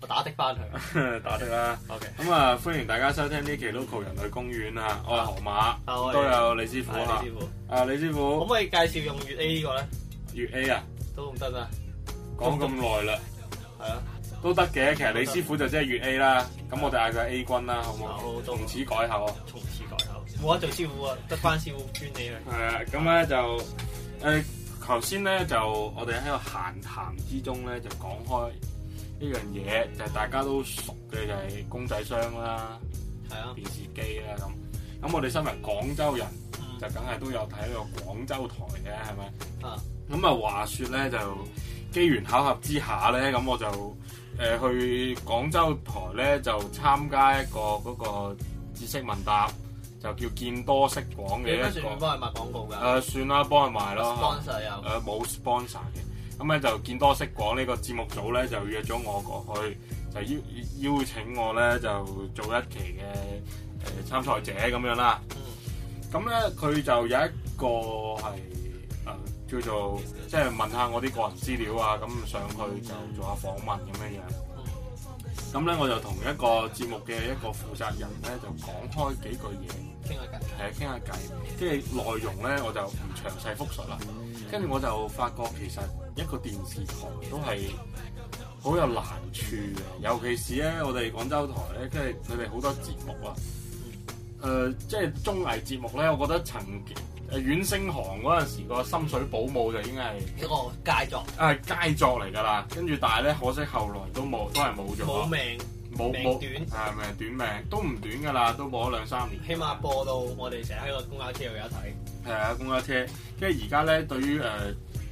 我打的翻佢， 打的啦、啊。OK，咁、嗯、啊，歡迎大家收聽呢期 Local 人類公園啊，啊我係河馬，都、啊、有李師傅、啊、李師傅，啊李師傅，可唔可以介紹用粵 A 這個呢個咧？粵 A 啊，都唔得啊，講咁耐啦，係啊，都得嘅。其實李師傅就真係粵 A 啦，咁、嗯、我哋嗌佢 A 軍啦，好唔好？好，從此改口啊，從此改口。冇得做師傅啊，得返師傅尊你啊。係啊，咁、呃、咧就誒，頭先咧就我哋喺個閒談之中咧就講開。呢樣嘢就係、是、大家都熟嘅，就係、是、公仔箱啦、啊，電視機啦咁。咁我哋身為廣州人，啊、就梗係都有睇呢個廣州台嘅，係咪？啊！咁啊話説咧，就機緣巧合之下咧，咁我就誒、呃、去廣州台咧就參加一個嗰、那個知識問答，就叫見多識廣嘅一個。你跟住幫佢賣廣告㗎？誒、呃、算啦，幫佢賣咯。有 sponsor 有誒冇、呃、sponsor 嘅。咁咧就見多識廣，呢個節目組咧就約咗我過去，就邀邀請我咧就做一期嘅誒參賽者咁樣啦。咁咧佢就有一個係誒叫做即係問下我啲個人資料啊，咁上去就做下訪問咁樣樣。咁咧我就同一個節目嘅一個負責人咧就講開幾句嘢。傾下偈，係啊，傾下偈。跟住內容咧，我就唔詳細復述啦。跟住我就發覺其實一個電視台都係好有難處嘅，尤其是咧，我哋廣州台咧，跟住佢哋好多節目啊。誒、呃，即係綜藝節目咧，我覺得曾經誒阮星航嗰陣時個《心水保姆》就已經係一個佳作，係、啊、佳作嚟㗎啦。跟住，但係咧，可惜後來都冇，都係冇咗。冇命。冇冇，係咪？短命，都唔短噶啦，都冇咗兩三年。起碼播到我哋成日喺個公交車度有睇。係啊，公交車。跟住而家咧，對於誒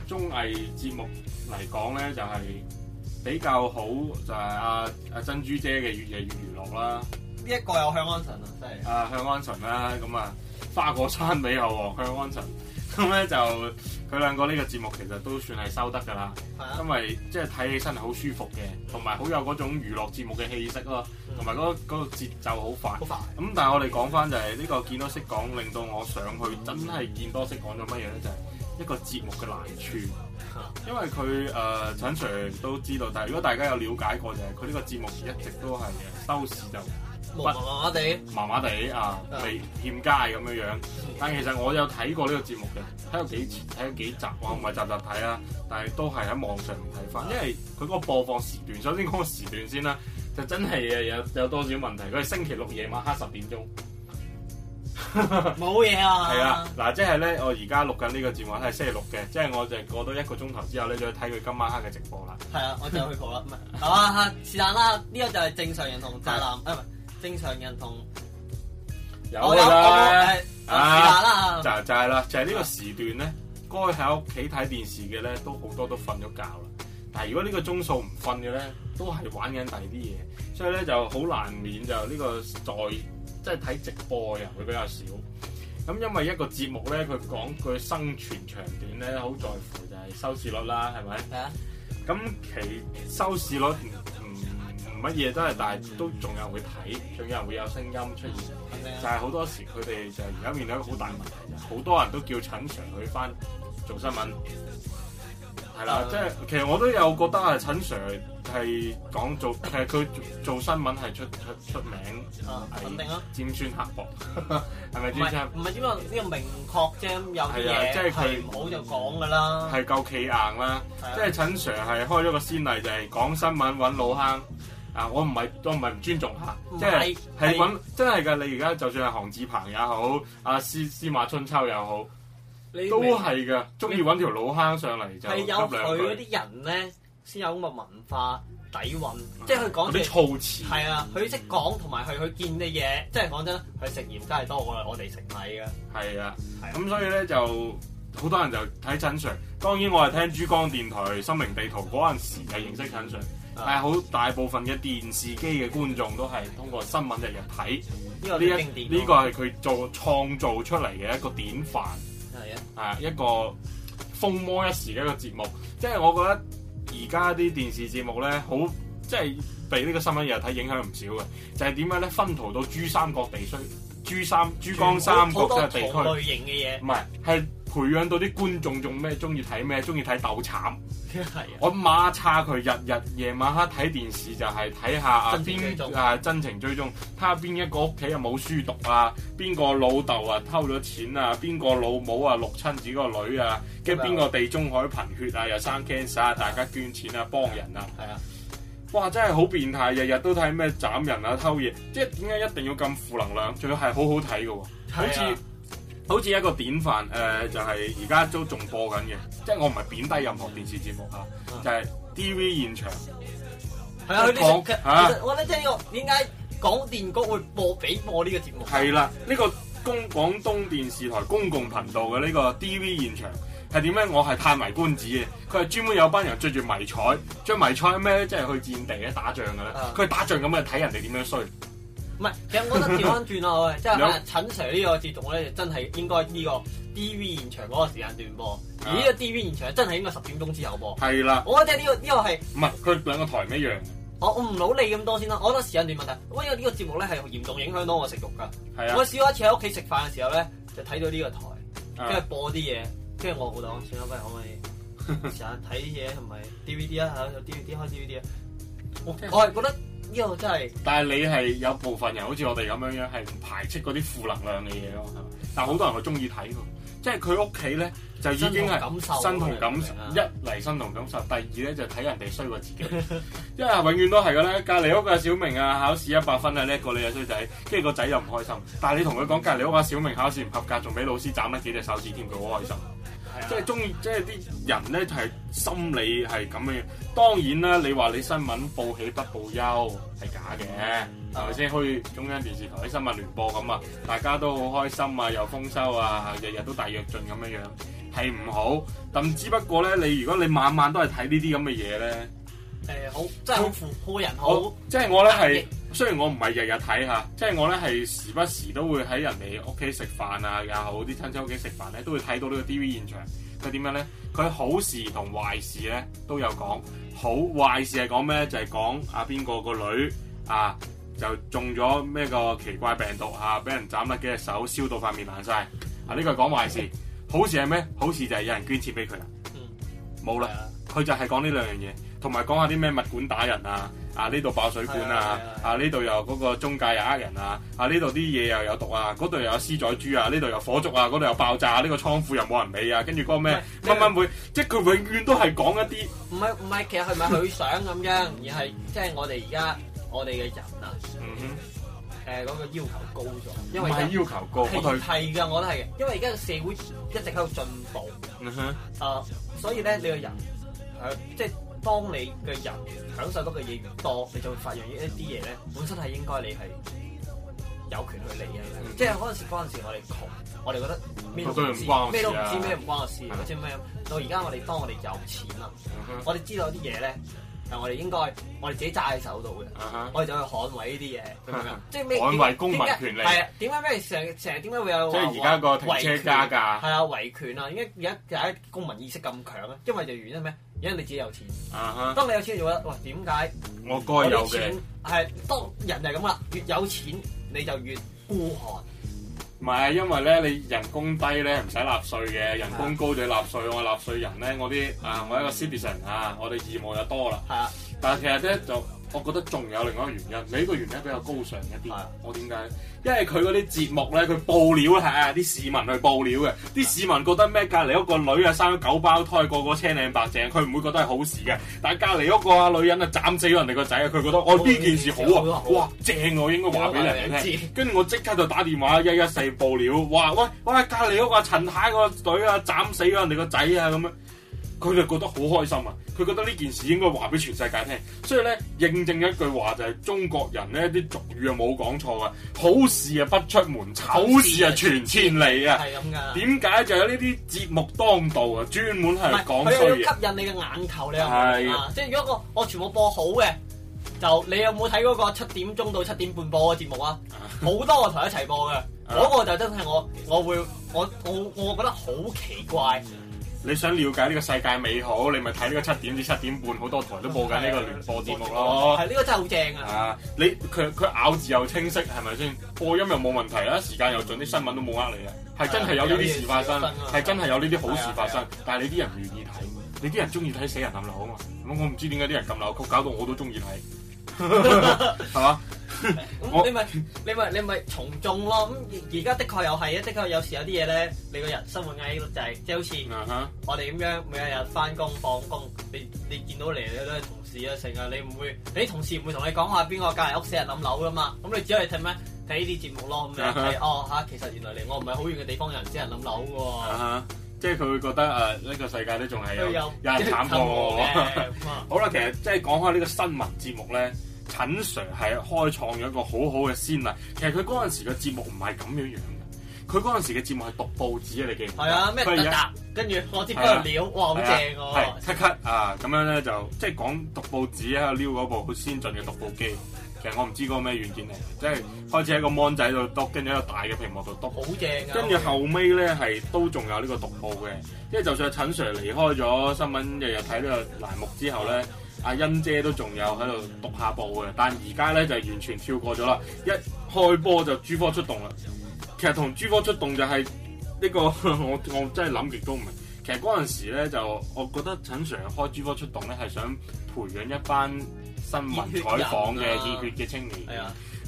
綜藝節目嚟講咧，就係、是、比較好就係阿阿珍珠姐嘅《越夜越娛樂》啦。呢、嗯、一、這個有向安順啊，真係。啊，向安順啦、啊，咁啊，花果山美猴王向安順。咁咧就佢兩個呢個節目其實都算係收得㗎啦，因為即係睇起身係好舒服嘅，同埋好有嗰種娛樂節目嘅氣息咯，同埋嗰個節奏好快。咁、嗯、但係我哋講翻就係呢個見多識廣，令到我上去真係見多識廣咗乜嘢咧？就係、是、一個節目嘅難處，因為佢誒、呃、陳 Sir 陳 都知道，但係如果大家有了解過就係佢呢個節目一直都係收視就。 麻麻地，麻麻地啊，未欠佳咁嘅樣。但其實我有睇過呢個節目嘅，睇到幾睇到幾集喎，唔係集集睇啊，但係都係喺網上睇翻，因為佢嗰個播放時段，首先嗰個時段先啦，就真係有有多少問題。佢係星期六夜晚黑十點鐘，冇嘢啊。係 啊，嗱，即係咧，我而家錄緊呢個節目咧，係星期六嘅，即係我就過多一個鐘頭之後咧，就去睇佢今晚黑嘅直播啦。係啊，我就去蒲啦，唔 係啊，是但啦，呢個就係正常人同宅男，誒正常人同有啦，試下啦，就就係啦，就係、是、呢個時段咧，啊、該喺屋企睇電視嘅咧，都好多都瞓咗覺啦。但係如果呢個鐘數唔瞓嘅咧，都係玩緊第啲嘢，所以咧就好難免就呢個在即係睇直播嘅人會比較少。咁因為一個節目咧，佢講佢生存長短咧，好在乎就係收視率啦，係咪？咁、啊、其收視率唔。嗯乜嘢都係，但係都仲有人會睇，仲有人會有聲音出現，是就係、是、好多時佢哋就而家面對一個好大問題，好、就是、多人都叫陳 Sir 去翻做新聞，係啦，即係、就是、其實我都有覺得係陳 Sir 係講做，其實佢做，做新聞係出出出名，肯定啦，尖酸刻薄，係咪先？唔係唔係，只不過呢個明確啫，有啲即係唔好就講㗎啦，係、就是、夠企硬啦，即係、就是、陳 Sir 係開咗個先例，就係、是、講新聞揾老坑。啊！我唔係我唔係唔尊重嚇，即係係揾真係噶。你而家就算係韓志鵬也好，阿司司馬春秋又好，你都係噶，中意揾條老坑上嚟就係有佢啲人咧，先有咁嘅文化底蘊、嗯，即係佢講啲措辭係啊，佢識講同埋佢去見嘅嘢，即係講真的，佢食鹽真係多過我哋食米噶。係啊，咁、啊、所以咧就好多人就睇陳 Sir。當然我係聽珠江電台《生命地圖》嗰陣時係認識陳 Sir、嗯。嗯係好大部分嘅電視機嘅觀眾都係通過新聞日日睇，呢一呢個係佢、這個、做創造出嚟嘅一個典範，係啊，係一個風魔一時嘅一個節目。即係我覺得而家啲電視節目咧，好即係被呢個新聞日日睇影響唔少嘅，就係點樣咧？分逃到珠三角地區、珠三，珠，三珠江三角類、就是、地區好多類型嘅嘢，唔係係。培養到啲觀眾仲咩？中意睇咩？中意睇鬥慘。係啊！我媽叉佢，日日夜晚黑睇電視就係睇下啊邊啊真情追蹤，睇下邊一個屋企有冇書讀哪爸爸啊，邊個老豆啊偷咗錢啊，邊個老母啊六親子個女啊，跟住邊個地中海貧血啊，又生 cancer，大家捐錢啊，啊幫人啊。係啊！哇，真係好變態，日日都睇咩斬人啊、偷嘢，即係點解一定要咁負能量？仲要係好好睇嘅喎，好似～好似一個典範，誒、呃、就係而家都仲播緊嘅，即係我唔係貶低任何電視節目嚇、啊啊，就係、是、DV 現場，係啊，港啲嚇，我都聽過、這個，點解廣電局會播俾播呢個節目？係、啊、啦，呢、這個公廣東電視台公共頻道嘅呢個 DV 現場係點咧？我係歎為觀止嘅，佢係專門有班人著住迷彩，著迷彩咩咧？即係去戰地咧打仗㗎啦，佢、啊、打仗咁啊睇人哋點樣衰。唔係，其實我覺得調翻轉咯，我即係陳 Sir 呢個節目咧，真係應該呢個 DV 現場嗰個時間段噃。Yeah. 而呢個 DV 現場真係應該十點鐘之後噃。係啦，我覺得呢個呢、呢個係唔係佢兩個台唔一樣？我我唔老理咁多先啦，我覺得時間段問題。我因為呢個節目咧係嚴重影響到我嘅食慾㗎。係啊，我試過一次喺屋企食飯嘅時候咧，就睇到呢個台，跟住播啲嘢，跟住我個檔、yeah. 算啦，喂，可唔可以成日睇啲嘢同埋 DVD 啊有 DVD 開 DVD 啊、okay？我我係覺得。呢個真係，但係你係有部分人好似我哋咁樣樣係唔排斥嗰啲負能量嘅嘢咯，係但係好多人會中意睇喎，即係佢屋企咧就已經係身同感受，一嚟身同感受，第二咧就睇人哋衰過自己， 因為永遠都係嘅啦。隔離屋嘅小明啊，考試一百分啊，叻過你啊衰仔，跟住個仔又唔開心，但係你同佢講隔離屋嘅小明考試唔合格，仲俾老師斬咗幾隻手指添，佢好開心。啊、即係中，即係啲人咧係心理係咁嘅。當然啦，你話你新聞報喜不報憂係假嘅，係咪先？好中央電視台啲新聞聯播咁啊，大家都好開心啊，又豐收啊，日日都大躍進咁樣樣，係唔好。但只不，不過咧，你如果你晚晚都係睇呢啲咁嘅嘢咧，誒、呃、好，真係好負人好，好，即係我咧係。Yeah. 雖然我唔係日日睇下，即係我咧係時不時都會喺人哋屋企食飯啊，又好啲親戚屋企食飯咧，都會睇到呢個 DV 現場。佢點樣咧？佢好事同壞事咧都有講。好壞事係講咩？就係講啊邊個個女啊就中咗咩個奇怪病毒啊，俾人斬甩幾隻手，燒到塊面爛晒啊！呢個係講壞事。好事係咩？好事就係有人捐錢俾佢啦。冇啦。佢就係講呢兩樣嘢，同埋講下啲咩物管打人啊。啊！呢度爆水管啊！啊！呢度又嗰個中介又呃人啊！啊！呢度啲嘢又有毒啊！嗰度又有私宰豬啊！呢度又火燭啊！嗰度又爆炸！啊！呢、呢個倉庫又冇人理啊！跟住嗰個咩？乜乜會？即係佢永遠都係講一啲唔係唔係，其實係咪佢想咁樣？ 而係即係我哋而家我哋嘅人啊，誒、嗯、嗰、呃嗰個要求高咗，因為、係、要求高，係係㗎，我都係嘅。因為而家個社會一直喺度進步，誒、嗯啊，所以咧你、個人即當你嘅人享受到嘅嘢越多，你就會發現一啲嘢咧，本身係應該你係有權去理嘅。嗯、即係嗰陣時，嗰、那個、我哋窮，我哋覺得咩都唔、啊、知，咩都唔知，咩唔關我事，好似咩。到而家我哋當我哋有錢啦、啊，我哋知道啲嘢咧係我哋應該，我哋自己揸喺手度嘅，啊啊我哋就去捍衛呢啲嘢，啊是是啊、即係咩？捍衛公民權利。係啊，點解咩成成日點解會有即係而家個停車加價？係啊，維權啊！而家而家公民意識咁強啊，因為就原因係咩？因為你自己有錢，uh-huh. 當你有錢就覺得，喂，點解我該有錢？係當人就係咁啦，越有錢你就越孤寒。唔係，因為咧你人工低咧唔使納稅嘅，人工高就要納稅。我係納稅人咧，我啲啊我係一個 citizen 啊，我哋義務又多啦。係啊，但係其實咧就。我覺得仲有另外一個原因，你、這、呢個原因比較高尚一啲、啊。我點解？因為佢嗰啲節目咧，佢報料係啊，啲市民去報料嘅。啲市民覺得咩？隔離嗰個女啊，生咗九胞胎，個個青靚白淨，佢唔會覺得係好事嘅。但係隔離嗰個啊女人啊，斬死咗人哋個仔啊，佢覺得我呢、哦哦、件事好啊，哇，正我應該話俾你哋聽。跟住我即刻就打電話一一四報料。哇！喂喂，隔離嗰個陳太個女啊，斬死咗人哋個仔啊，咁樣。佢就覺得好開心啊！佢覺得呢件事應該話俾全世界聽，所以咧，認證一句話就係、是、中國人咧啲俗語啊冇講錯噶，好事啊不出門，醜事啊傳千里啊，係咁噶。點解就有呢啲節目當道啊？專門係講衰嘢。佢又要吸引你嘅眼球，你又唔得啊？即係如果個我，我全部播好嘅，就你有冇睇嗰個七點鐘到七點半播嘅節目啊？好 多台一齊播噶，嗰 個就真係我我會我我我覺得好奇怪。嗯你想了解呢個世界美好，你咪睇呢個七點至七點半，好多台都播緊呢個聯播節目咯。係、嗯、呢、這個真係好正啊！啊，你佢佢咬字又清晰，係咪先？播音又冇問題啦，時間又準，啲新聞都冇呃你嘅。係真係有呢啲事發生，係、啊、真係有呢啲好事發生。但係你啲人唔願意睇，你啲人中意睇死人暗樓啊嘛！我我唔知點解啲人咁扭曲，搞到我都中意睇，係 嘛？ 咁 你咪不 你咪你咪從眾咯。咁而家的確又係啊，的確有時有啲嘢咧，你個人生活壓力、這個、就係即係好似我哋咁樣每一日翻工放工，你你見到嚟你，你都係同事啊，成日你唔會誒，同事唔會同你講下邊個隔籬屋死人冧樓噶嘛。咁你只可以睇咩？睇呢啲節目咯咁樣、 嗯、哦吓，其實原來嚟我唔係好遠嘅地方有人死人冧樓噶喎， 即係佢會覺得誒呢、啊，這個世界都仲係有。有人，有、就是，有，有。好啦 其實即係講開呢個新聞節目咧。陳 Sir 係開創咗一個好好嘅先例。其實佢嗰陣時嘅節目唔係咁樣樣嘅。佢嗰陣時嘅節目係讀報紙啊，你記唔記得？係啊，咩嘢？跟住攞支筆嚟撩，哇，好正喎！咳咳啊，咁、啊啊啊、樣咧就即係講讀報紙喺度撩嗰部好先進嘅讀報機。其實我唔知嗰個咩軟件嚟，即係開始喺個 mon 仔度篤，跟住喺個大嘅屏幕度篤。好正！跟住、啊、後尾咧係都仲有呢個讀報嘅，因為就算陳 Sir 離開咗新聞日日睇呢個欄目之後咧。阿欣姐都仲有喺度讀下報嘅，但而家咧就完全跳過咗啦。一開波就 G4 出動啦。其實同 G4 出動就係呢、呢個，我我真係諗極都唔明。其實嗰陣時咧，就我覺得陳 Sir 開 G4 出動咧，係想培養一班新聞採訪嘅熱血嘅、啊、青年。哎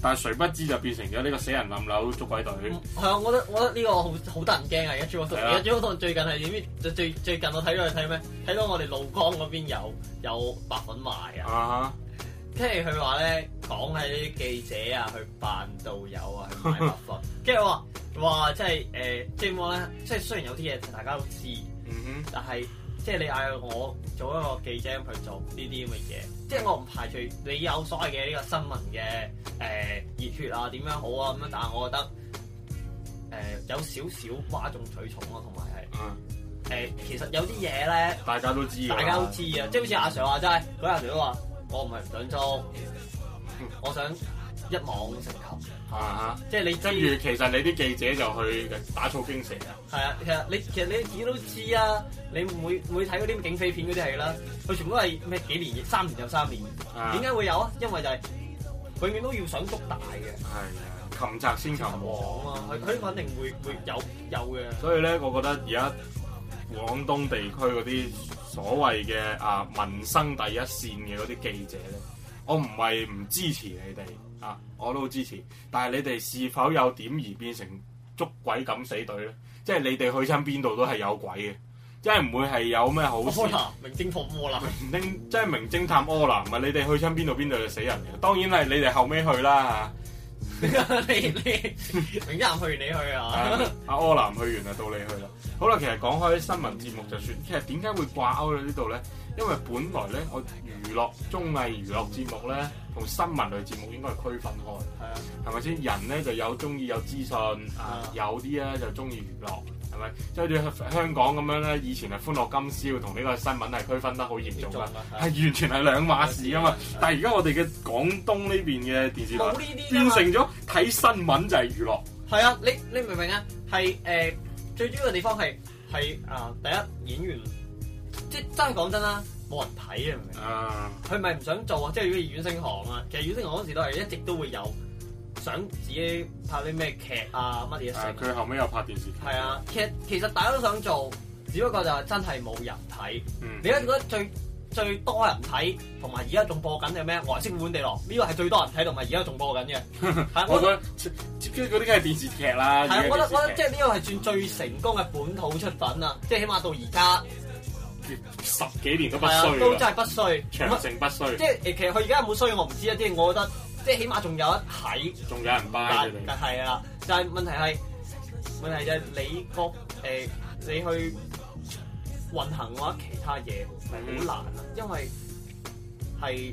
但係誰不知就變成咗呢個死人冧樓捉鬼隊、嗯。係啊，我覺得我覺得呢個好好得人驚啊！而家朱科同而家朱科同最近係點？最最近我睇咗去睇咩？睇到我哋鷺江嗰邊有有白粉賣啊！跟住佢話咧，講喺啲記者啊，去扮導遊啊，去買白粉。跟住話話即係誒，即係點咧？即係、呃、雖然有啲嘢大家都知道，mm-hmm. 但係。即係你嗌我做一個記者去做呢啲咁嘅嘢，即係我唔排除你有所謂嘅呢個新聞嘅誒、呃、熱血啊點樣好啊咁樣，但係我覺得誒、呃、有少少嘩眾取寵咯、啊，同埋係誒其實有啲嘢咧，大家都知嘅，大家都知啊，即係好似阿 Sir 話齋，嗰日阿 Sir 話我唔係唔想做，嗯、我想一網成球。啊！即係你，跟住其實你啲記者就去打草驚蛇啊！係啊，其實你其實你自己都知啊，你每每睇嗰啲警匪片嗰啲戲啦，佢全部都係咩幾年三年又三年，點解、啊、會有啊？因為就係永遠都要想捉大嘅。係、哎、啊，擒賊先擒王啊，佢肯定會會有有嘅。所以咧，我覺得而家廣東地區嗰啲所謂嘅啊民生第一線嘅嗰啲記者咧。我唔係唔支持你哋啊，我都好支持。但係你哋是否有點而變成捉鬼敢死隊咧？即係你哋去親邊度都係有鬼嘅，即係唔會係有咩好事。開南名偵破柯南，即係名偵探柯南。唔係 你哋去親邊度邊度就死人嘅。當然係你哋後尾去啦嚇、啊。 你你一去你去 啊？阿柯南去完就到你去啦。好啦，其實講開新聞節目就算。其實點解會掛鈎喺呢度咧？因為本來咧，我娛樂綜藝娛樂節目咧，同新聞類節目應該係區分開，係咪先？人咧就有中意有資訊，啊、有啲咧就中意娛樂，係咪？即係好似香港咁樣咧，以前係歡樂今宵同呢個新聞係區分得好嚴重㗎，係、啊、完全係兩碼事㗎嘛、啊啊啊啊啊。但係而家我哋嘅廣東呢邊嘅電視台變成咗睇新聞就係娛樂，係啊，你你明唔明啊？係誒、呃，最主要嘅地方係係啊，第一演員。即係真係講真啦，冇人睇啊！佢咪唔想做啊？即係如果演星行啊，其實演星行嗰時都係一直都會有想自己拍啲咩劇啊，乜嘢嘢。係、uh，佢後尾又拍電視劇。係啊，其實其實大家都想做，只不過就係真係冇人睇、嗯。你而家覺得最最多人睇，同埋而家仲播緊嘅咩？《外來媳婦本地郎》呢、呢個係最多人睇，同埋而家仲播緊嘅。 我覺得接接嗰啲梗係電視劇啦。係， 我覺得我覺得即係呢個係算最成功嘅本土出品啊！即 係起碼到而家。十幾年都不衰，啊，都真係不衰，長盛不衰。即係誒，其實佢而家有冇衰，我唔知啊。啲，我覺得即係起碼仲有一睇，仲有人買。但係啊，但、就、係、是、問題係，問題就係你覺誒、呃，你去運行嘅話，其他嘢好難啊、嗯，因為係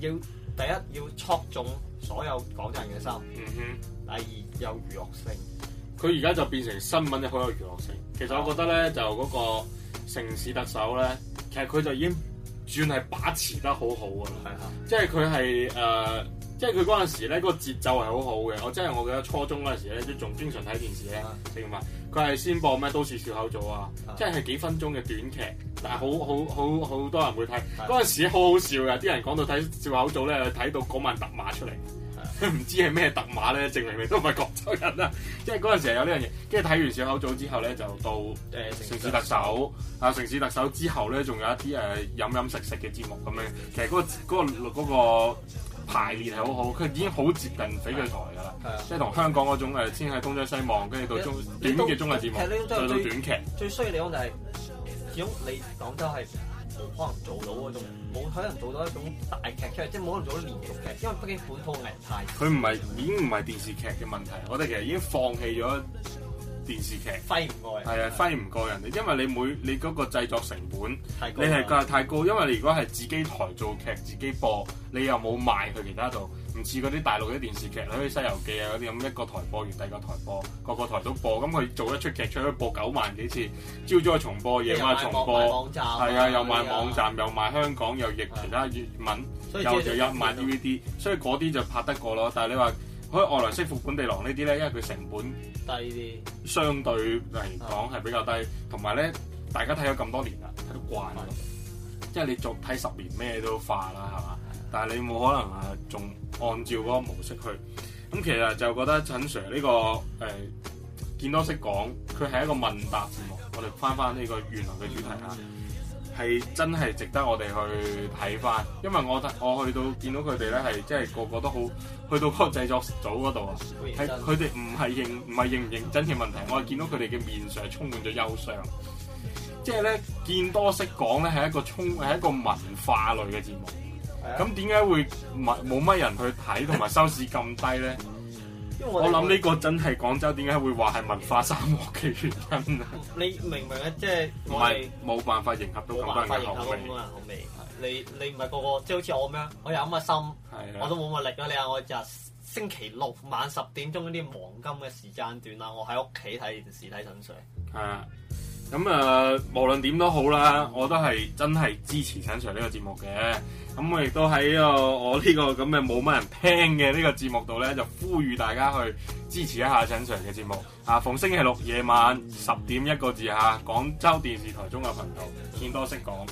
要第一要戳中所有廣州人嘅心。嗯哼。第二有娛樂性，佢而家就變成新聞，好有娛樂性。其實我覺得咧、哦，就嗰、那個。城市特首咧，其實佢就已經算係把持得好好噶啦，即係佢係誒，即係佢嗰陣時咧個節奏係好好嘅。我即係我記得初中嗰陣時咧都仲經常睇電視咧，成日佢係先播咩都市笑口組啊，即係幾分鐘嘅短劇，但係好好好好，好多人會睇。嗰陣時好好笑嘅，啲人講到睇笑口組咧，睇到嗰晚特馬出嚟。唔 知係咩特馬咧，證明你都唔係廣州人啦。即係嗰陣時候有呢樣嘢，跟住睇完小口組之後咧，就到誒城市特首啊、呃，城市特首之後咧，仲有一啲誒、呃、飲飲食食嘅節目咁樣、嗯。其實嗰、嗰個嗰、嗯嗰個嗰個嗰個、排列係好好，佢已經好接近翡翠台噶啦。即係同香港嗰種誒、啊，先係東張西，西望，跟住到中到短嘅綜藝節目，再到短劇。最衰嘅地方就係、是，如果你廣州係。冇可能做到嗰種，冇可能做到一種大劇出，即係冇可能做到連續劇，因為畢竟本土嘅人太少。佢唔係已經唔係電視劇嘅問題，我哋其實已經放棄咗電視劇，揮唔過人。係啊，揮唔過人哋，因為你每你嗰個製作成本，太高，你係確係太高，因為你如果係自己台做劇，自己播，你又冇賣去其他度。唔似嗰啲大陸啲電視劇，好似《西遊記》啊嗰啲，咁一個台播完，第二個台播，個個台都播，咁佢做一出劇出都播九萬幾次，朝早重播嘅嘢重播，夜晚重播，係啊，又賣網站，又賣香港，又譯其他粵文，又就有賣 DVD，所以嗰啲就拍得過咯。但係你話可以外來媳婦本地郎呢啲咧，因為佢成本低啲，相對嚟講係比較低，同埋咧大家睇咗咁多年啦，睇到慣啦，即係你續睇十年咩都化啦，係嘛？但係你冇可能啊，仲按照嗰個模式去。咁其實就覺得陳 Sir 呢、這個誒、呃、見多識廣，佢係一個問答節目。我哋翻翻呢個原來嘅主題啊，係真係值得我哋去睇翻。因為我我去到見到佢哋咧，係即係個個都好。去到嗰個製作組嗰度啊，係佢哋唔係認唔係認唔認真嘅問題，我係見到佢哋嘅面上係充滿咗憂傷，即係咧，見多識廣咧係一個充係一個文化類嘅節目。咁點解會冇冇乜人去睇同埋收視咁低咧？因為我諗呢個真係廣州點解會話係文化沙漠嘅原因啊！你明唔明啊？即係唔係冇辦法迎合到咁多人口味？味你你唔係個個，即、就、係、是、好似我咁啊？我有咁嘅心，我都冇乜力啊！你話我日星期六晚十點鐘嗰啲黃金嘅時間段啦，我喺屋企睇電視睇診所。係啊。咁啊，無論點都好啦，我都係真係支持陳揚呢個節目嘅。咁我亦都喺個我呢個咁嘅冇乜人聽嘅呢個節目度呢，就呼籲大家去支持一下陳揚嘅節目。啊，逢星期六夜晚十點一個字下，廣州電視台綜合頻道見多識廣。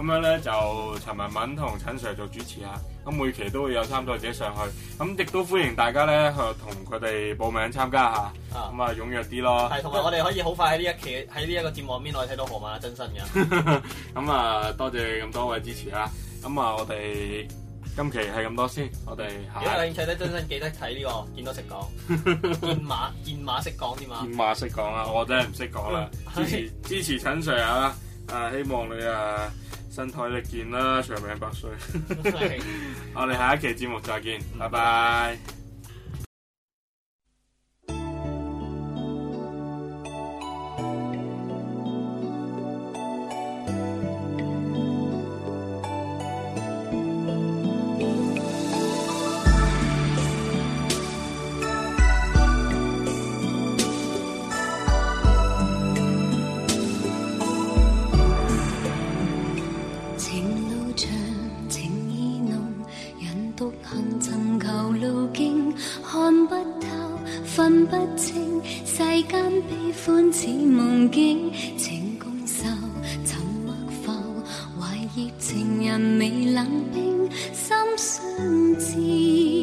咁樣咧就陳文敏同陳 sir 做主持啊。咁每期都會有參賽者上去，咁亦都歡迎大家咧去同佢哋報名參加下。咁啊，踴躍啲咯。同埋我哋可以好快喺呢一期喺呢一個節目入面，可以睇到河馬嘅真身嘅。咁 啊，多謝咁多位支持啦、啊。咁啊，我哋今期係咁多先，我哋。幾有興趣咧？真 真身記得睇呢、呢個見多識講，見馬見馬識講啲嘛。見馬識講啊！我真係唔識講啦。支持 支持陳 sir 啊！啊，希望你啊～身壯力健啦，長命百歲！我哋下一期節目再見，拜拜。情人未冷冰心相知。